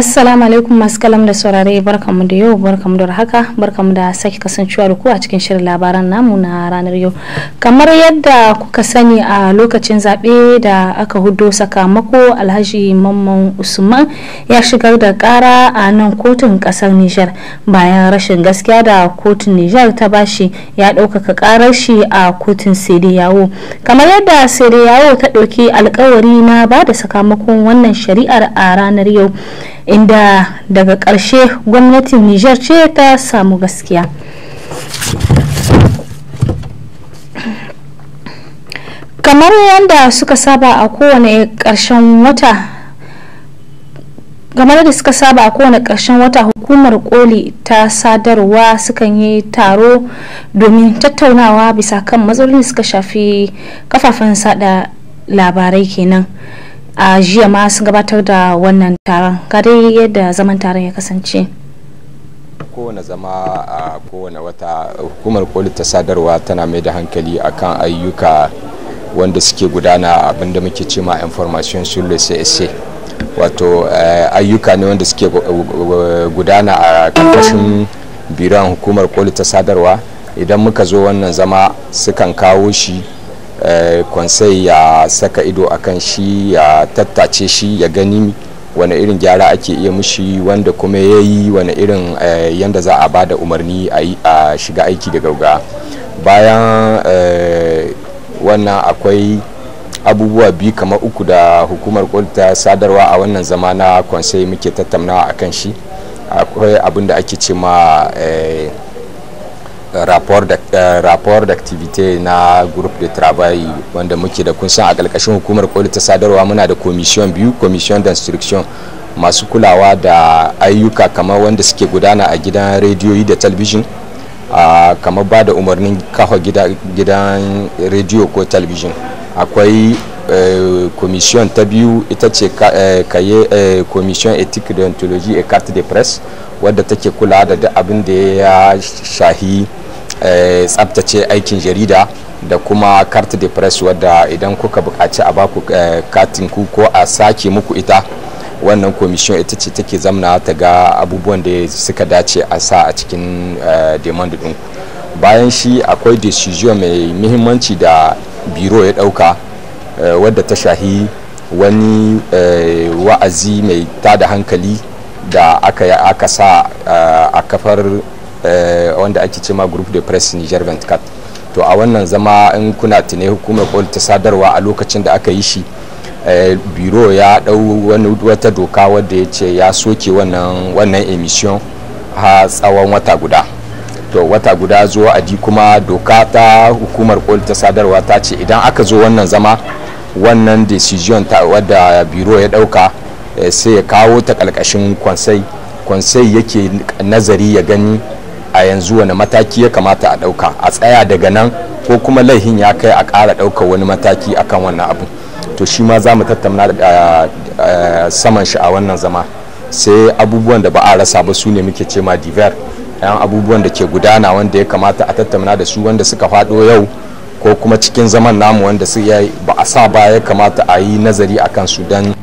assalamu alaikum masu kalam da saurare barkamu da yau barkamu da haka barkamu da sake kasancewa da ku a cikin shirin labaran namu na ranar yau kamar yadda kuka sani a lokacin zaɓe da aka hudo sakamako alhaji mamman usman ya shigar da kara a nan kotun ƙasar nijar bayan rashin gaskiya da kotun nijar ta bashi ya ɗaukaka karar shi a kotun sede yawo kamar yadda sede yawo ta ɗauki alkawari na ba da sakamakon wannan shari'ar a ranar yau inda daga ƙarshe gwamnatin nijar ce ta samu gaskiya kamar yadda suka saba a kowane ƙarshen wata kamar da suka saba a kowane ƙarshen wata hukumar koli ta sadarwa sukan yi taro domin tattaunawa bisa kan matsalolin suka shafi kafafen sada labarai kenan. a jiya ma sun gabatar da wannan taron kare yadda zaman taron ya kasance kowane zama a kowane wata hukumar koli ta sadarwa tana mai da hankali akan ayyuka wanda suke gudana abinda muke cema information sulle sai wato eh, ayyuka ne wanda suke gudana a karkashin biran hukumar koli ta sadarwa idan muka zo wannan zama sukan kawo shi Eh, konsai ya saka ido akan shi ya tattace shi ya gani wani irin gyara ake iya mushi wanda kuma ya yi wani irin eh, yadda za a ba da umarni a shiga aiki da gauga bayan eh, wannan akwai abubuwa biyu kama uku da hukumar ta sadarwa a wannan zama na konsai muke tattaunawa akan shi akwai abin da ake ce ma Euh, rapport d'activité na groupe de travail wanda muke da kunsan a ƙarƙashin hukumar koli ta sadarwa muna da commission biyu commission d'instruction masu kulawa da ayyuka kamar wanda suke gudana a gidan rediyoyi da talbijin kamar ba da umarnin kafa gidan rediyo ko talbijin akwai eh, commission ta biyu ita ce eh, kaye eh, commission ethique d'ontologie et carte de presse wadda take kula da duk abin da ya shahi Eh, tsabtace aikin jarida da kuma carte de presse wadda idan kuka buƙaci a baku eh, katin ku ko a sake muku ita wannan commission ita ce take zamna ta ga abubuwan da suka dace a sa a cikin eh, demand ɗinku bayan shi akwai decision mai muhimmanci da biro ya ɗauka wadda ta shahi wani wa'azi mai tada hankali da aka sa a kafar Eh, wanda ake cema group de press niger 24 to a wannan zama in kuna tune hukumar koli ta sadarwa a lokacin da aka yi shi eh, biro ya dau wani wata doka wadda ya ce ya soke wannan wannan emission ha tsawon wata guda to wata guda zo a di kuma doka ta hukumar koli ta sadarwa ta ce idan aka zo wannan zama wannan decision ta wadda biro ya ɗauka eh, sai ya kawo ta kalkashin kwansai kwansai yake nazari ya gani a yanzu wani mataki ya kamata a ɗauka a tsaya daga nan ko kuma laihin ya kai a ƙara ɗaukar wani mataki akan wannan abu to shi ma za mu tattauna eh, eh, saman shi a wannan zama sai abubuwan da ba a rasa ba su ne muke ce ma diver yan abubuwan da ke gudana wanda ya kamata a tattauna da su wanda suka faɗo yau ko kuma cikin zaman namu wanda su ba a sa ba ya kamata a yi nazari akan su don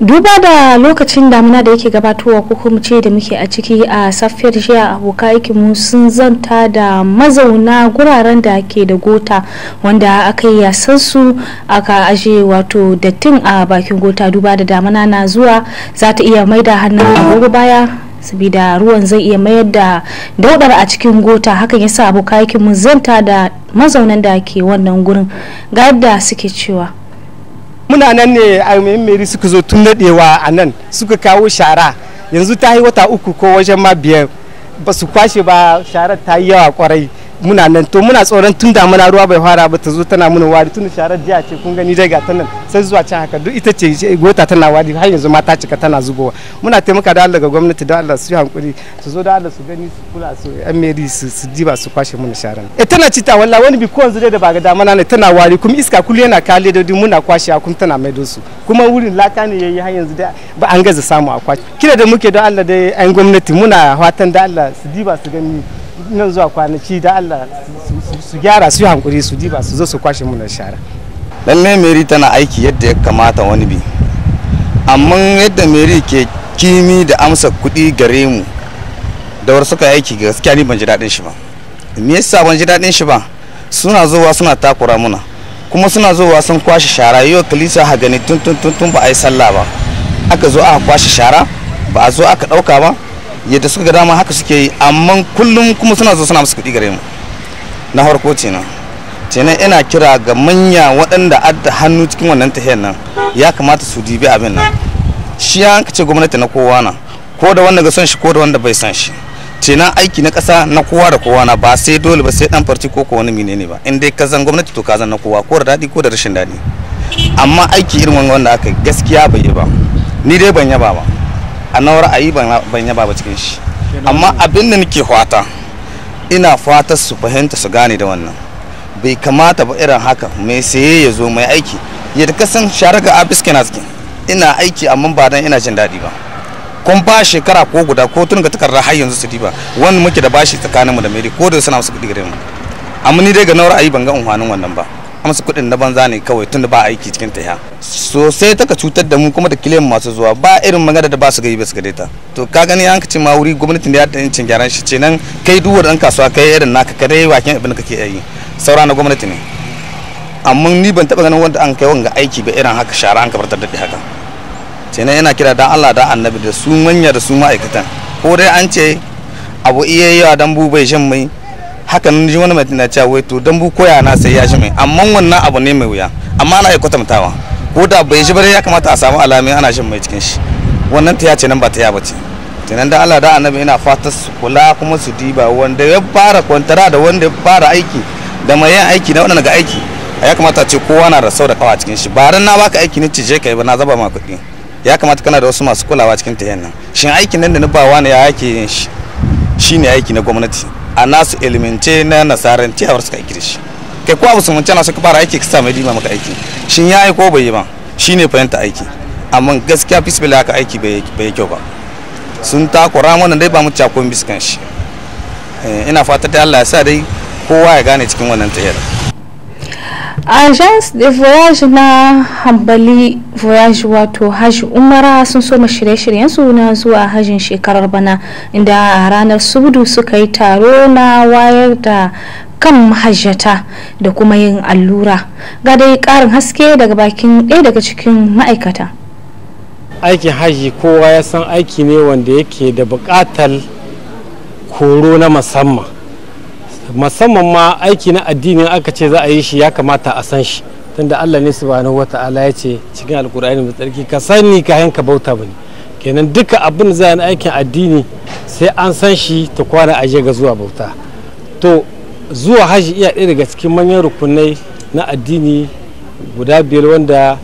duba da lokacin damina da yake gabatowa ko kuma ce da muke a ciki a safiyar jiya abokan mu sun zanta da mazauna guraren da ke da gota wanda aka yi yasan su aka aje wato dattin a bakin gota duba da damina na zuwa za ta iya maida hannun agogo baya sabida ruwan zai iya mayar da daudar a cikin gota hakan yasa abokan mu zanta da mazaunan da ke wannan gurin ga yadda suke cewa muna nan ne a meri suka zo tun daɗewa a nan suka kawo shara yanzu ta yi wata uku ko wajen ma biyar ba su kwashe ba sharar ta yi yawa kwarai muna nan to muna tsoron tun damuna ruwa bai fara ba ta zo tana muna wari tun sharar jiya ce kun gani dai ga ta nan sai zuwa can haka duk ita ce gota tana wari har yanzu mata cika tana zubowa muna taimaka da Allah ga gwamnati da Allah su yi hankuri su zo da Allah su gani su kula su an meri su su diba su kwashe muna sharar e tana cita walla wani bi kowanzu dai da ba ga damuna ne tana wari kuma iska kullu yana kale da muna kwashe a kuma tana maido su kuma wurin laka ne yayi har yanzu da ba an gaza samu a kwashe kira da muke don Allah dai an gwamnati muna fatan da Allah su diba su gani nan zuwa kwanaki da Allah su gyara su yi hankuri su diba su zo su kwashe mu na shara lalle meri tana aiki yadda ya kamata wani bi amma yadda meri ke kimi da amsa kuɗi gare mu da wasu suka aiki gaskiya ni ban ji daɗin shi ba me yasa ban ji daɗin shi ba suna zuwa suna takura muna kuma suna zuwa sun kwashe shara yau kalisa ha gani tun tun tun ba a yi sallah ba aka zo aka kwashe shara ba a zo aka ɗauka ba yadda suka ga dama haka suke yi amma kullum kuma suna zo suna musu kuɗi gare mu na farko kenan kenan ina kira ga manya waɗanda adda hannu cikin wannan tahiyar nan ya kamata su dibi abin nan shi ya ce gwamnati na kowa na ko da wanda ga son shi ko da wanda bai son shi kenan aiki na ƙasa na kowa da kowa na ba sai dole ba sai dan farci ko ko wani menene ba in dai ka zan gwamnati to ka zan na kowa ko da daɗi ko da rashin daɗi amma aiki irin wanda aka gaskiya bai yi ba ni dai ban yaba ba a na ra'ayi ban yaba ba cikin shi amma abin da nake fata ina fata su fahimta su gane da wannan bai kamata ba irin haka mai saye ya zo mai aiki ya ta kasan sharaka a biskina suke ina aiki amma ba dan ina jin daɗi ba kun ba shekara ko guda ko tun ga takarda har yanzu su diba wani muke da bashi tsakaninmu da mai ko da suna musu kuɗi gare mu amma ni dai ga na ra'ayi ban ga unhanin wannan ba amsa kuɗin na banza ne kawai tunda ba aiki cikin ta ya. sosai taka cutar da mu kuma da kiliyan masu zuwa ba irin magana da ba su gai ba su gare ta to ka gani an kace ma wuri gwamnatin da ya da yancin gyaran shi ce nan kai duwar ɗan kasuwa kai irin naka ka dai wakin abin da kake yi saura na gwamnati ne amma ni ban taba ganin wanda an kai wanga aiki ba irin haka shara an kabar da haka kenan yana kira dan Allah da annabi da su manya da su ma'aikatan ko dai an ce abu iya dan bu bai shan mai hakan ji wani mai na cewa wai to bu koya na sai ya shi mai amma wannan abu ne mai wuya amma ana iya kwatantawa ko da bai ji bare ya kamata a samu alami ana shin mai cikin shi wannan ta ce nan ba ta ya bace tunan da Allah da annabi ina fata su kula kuma su diba wanda ya fara kwantara da wanda ya fara aiki da mai yin aiki na wannan ga aiki ya kamata ce kowa na da sau da kawa cikin shi ba ran na baka aiki ne je kai ba na zaba ma kuɗi ya kamata kana da wasu masu kulawa cikin ta nan shin aikin nan da ni ba wani ya yake yin shi shine aiki na gwamnati a nasu ilimince na nasaran tiyawar suka aiki da shi kai kuwa abu sumunci na suka fara aiki ka mai maka aiki shin ya yi ko bai yi ba shine fahimta aiki amma gaskiya fisbila haka aiki bai yi kyau ba sun takura mana dai ba mu cakon biskan shi eh, ina fata da Allah ya sa dai kowa ya gane cikin wannan tayar agence de voyage na hambali voyage wato hajji umara sun soma shirye-shiryen su na zuwa hajjin shekarar bana inda ranar subdu suka yi taro na wayar da kan mahajjata da kuma yin allura ga dai karin haske daga bakin ɗaya daga cikin ma'aikata aikin hajji kowa ya san aiki ne wanda yake da buƙatar koro na musamman musamman ma aiki na addini aka ce za a yi shi ya kamata a san shi tunda Allah ne subhanahu wata'ala ya ce cikin alkur'ani mai tsarki ka sani ka yanka bauta bane kenan duka abin da za a aikin addini sai an san shi ta kwana aje ga zuwa bauta to zuwa haji iya ɗaya daga cikin manyan rukunai na addini guda biyar wanda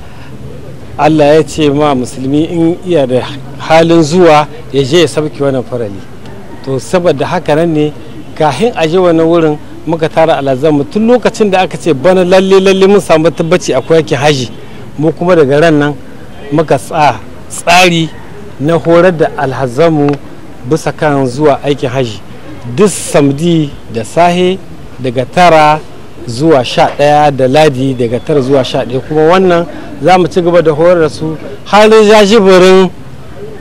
Allah ya ce ma musulmi in iya da halin zuwa ya je ya sabki wannan farali to saboda haka nan ne kahin a je wani wurin muka tara mu tun lokacin da aka ce bana lalle lalle mun samu tabbaci akwai yake haji mu kuma daga ran nan muka tsa tsari na horar da mu bisa kan zuwa aikin haji duk samdi da sahe daga tara zuwa sha ɗaya da ladi daga tara zuwa sha ɗaya kuma wannan za mu ci gaba da horar da su har jajibirin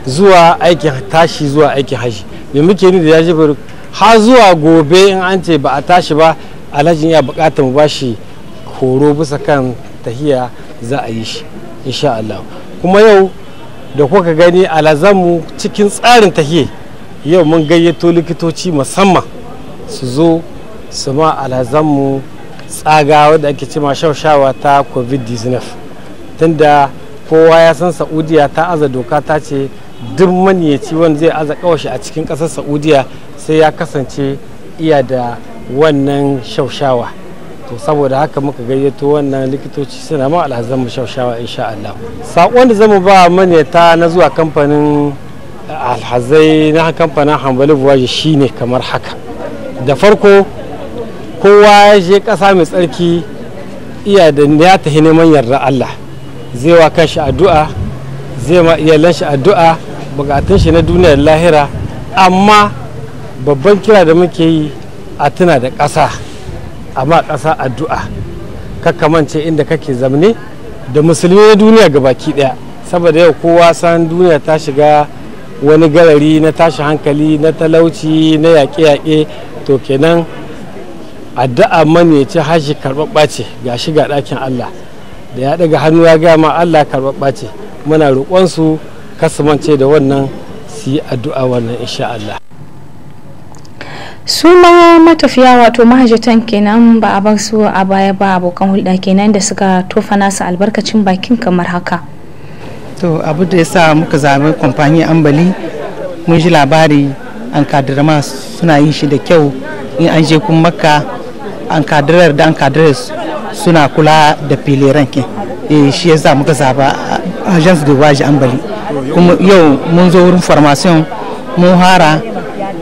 zuwa aikin tashi zuwa aikin haji me muke ni da jajibirin har zuwa gobe in an ce ba a tashi ba alhajin ya bukata mu bashi horo bisa kan tahiya za a yi shi insha Allah kuma yau da kuka gani alazamu cikin tsarin tahiya yau mun gayyato likitoci musamman su zo su ma alhazanmu tsaga wadda ake cima shaushawa ta covid-19 tunda kowa ya san saudiya ta aza doka ta ce duk maniyaci wanda zai aza kawashi a cikin ƙasar saudiya sai ya kasance iya da wannan shaushawa to saboda haka muka gayyato wannan likitoci suna ma alhazan mu shaushawa insha Allah sakon da zamu ba manyata na zuwa kamfanin alhazai na kamfanin hambali buwaji shine kamar haka da farko kowa ya je kasa mai tsarki iya da ya tahi neman yarda Allah zai wa kanshi addu'a zai ma iyalan shi addu'a bugatun shi na duniyar lahira amma babban kira da muke yi a tuna da ƙasa amma ƙasa addu'a kakamance inda kake zamne da musulmi na duniya ga baki ɗaya saboda yau kowa san duniya ta shiga wani galari na tashi hankali na talauci na yaƙe-yaƙe to kenan addu'a manyaci hashi karɓaɓɓa ce ga shiga ɗakin allah da ya ɗaga hannu ya gama allah karɓaɓɓa ce muna roƙonsu kasumance da wannan su yi addu'a wannan insha allah su ma matafiya wato mahajjatan kenan ba a bar su a baya ba abokan hulɗa kenan da suka tofa nasu albarkacin bakin kamar haka to abu da ya sa muka zaɓi kwamfani ambali mun ji labari an kadirama suna yin shi da kyau in an je kun maka an kadirar da an kadirar suna kula da filiran ke eh, shi ya sa muka zaɓa agence de an ambali kuma yau mun zo wurin formation mun hara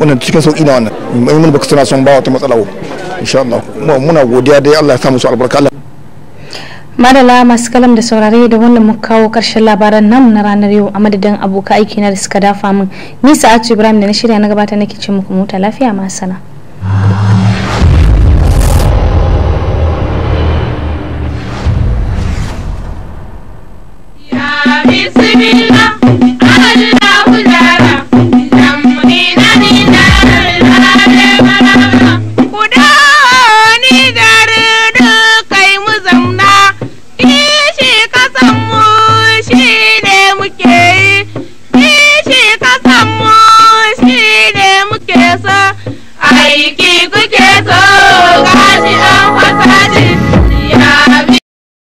wannan cikin sauki na wannan in mun baka suna son ba wata matsala insha Allah muna godiya dai Allah ya sa su albarka Allah madala masu kalam da saurare da wannan mu kawo karshen labaran namu na ranar yau a madadin aboka aiki na da suka dafa min ni sa'atu ibrahim da na shirya na gabata nake ce muku mota lafiya ma sana Bismillah